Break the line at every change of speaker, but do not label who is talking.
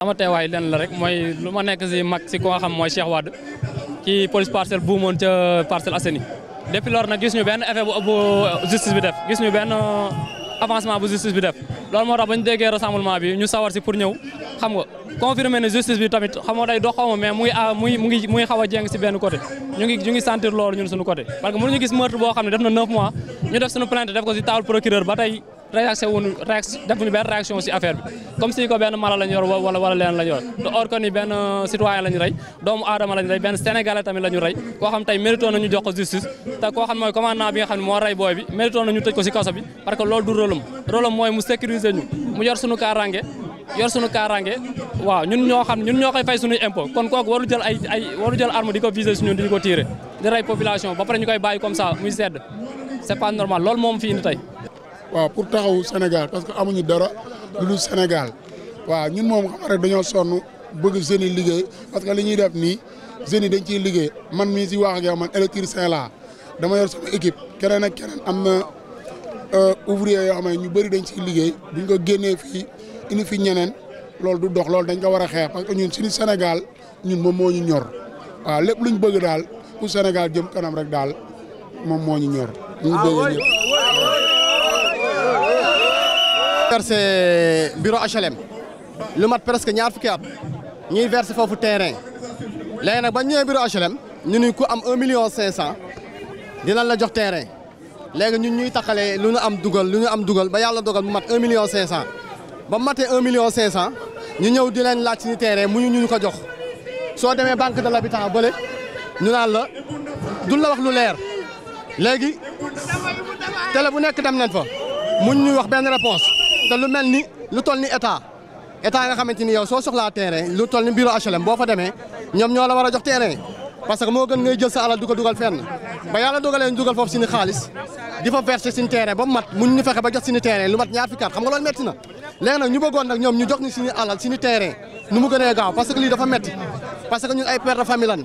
sama teewaay lenn la rek mooy lu ma nekk si mag si xam mooy Cheikh Wade ci police parcelle buumoon ca parcel Assainies depuis lors nag gis ñu benn effet bu justice bi def gis ñu benn avancement bu justice bi def loolu moo tax ba ñu déggee rassemblement bi ñu sawar si pour ñëw xam nga confirmer ne justice bi tamit xam day dox xaw ma muy ah, muy muy xaw a si benn côté ñu ngi ñu loolu ñun suñu côté parce que mënuñu gis meurtre boo xam ne def na 9 mois ñu def suñu plainte def ko si table procureur ba tey réaction wuñu defuñu benn réaction si affaire bi comme si ko benn mala lañ yor wala wala leneen lañ yor te or benn euh, citoyen lañu rey doomu aadama lañu rey benn sénégalais tamit la ñu rey koo xam tey mérito nañu jox ko justice te koo xam mooy commandant bi nga xam ne moo rey booy bi mérito nañu tëj ko si kaso bi parce que loolu du rôlam rôlam mooy mu sécuriser ñu mu yor suñu kaaraange yor suñu kaaraange waaw ñun ñoo xam ñun ñoo koy fay suñuy impôt kon kooku waru jël ay ay waru jël arme di ko viser suñu di ko tirer koy bàyyi comme ça muy sedd c'est pas normal
moom fi indi tey waaw pour taxawu Sénégal parce que amuñu dara lu dul Sénégal waaw ñun moom xam rek dañoo sonn bëgg jeunes yi liggéey parce que li ñuy def nii jeunes yi dañ ciy liggéey man mii si wax ak yow man électricien laa dama yor sama équipe keneen ak am na euh, ouvrier yoo xam ne ñu bëri dañ ciy liggéey buñ ko génnee fii indi fi ñeneen loolu du dox loolu dañ ko war a xeex parce que ñun suñu senegal ñun moom moo ñu ñor waaw lépp luñ bëgg daal pour Sénégal jëm kanam rek daal moom moo ñu ñor. ñu ah bëgg versé bureau HLM
lu mat presque ñaar fukki at ñuy versé foofu terrain léegi nag ba ñëwee bureau HLM ñu ni ku am un million cinq cent dinañ la jox terrain léegi ñu ñuy taqalee lu ñu am dugal lu ñu am dugal ba yàlla dogal mu mat un million cinq cent ba mu matee un million cinq cent ñu ñëw di leen laaj suñu terrain mu ñu ñu ko jox soo demee banque de l'habitat bële ñu naan la duñ la wax lu leer léegi télé bu nekk dem nañ fa muñ ñu wax benn réponse te lu mel ni lu toll ni état état nga xamante ni yow soo soxlaa terrain lu toll ni bureau HLM boo fa demee ñoom ñoo la war a jox terrain parce que moo gën ngay jël sa alal ko dugal fenn ba yàlla dugalee ñu dugal foofu suñu xaalis di fa verser suñu terrain ba mu mat mu ñu fexe ba jox suñu terrain lu mat ñaar fukki at xam nga loolu metti na léegi nag ñu bëggoon nag ñoom ñu jox ñu suñu alal suñu terrain nu mu gënee gaaw parce que lii dafa metti parce que ñu ay père de famille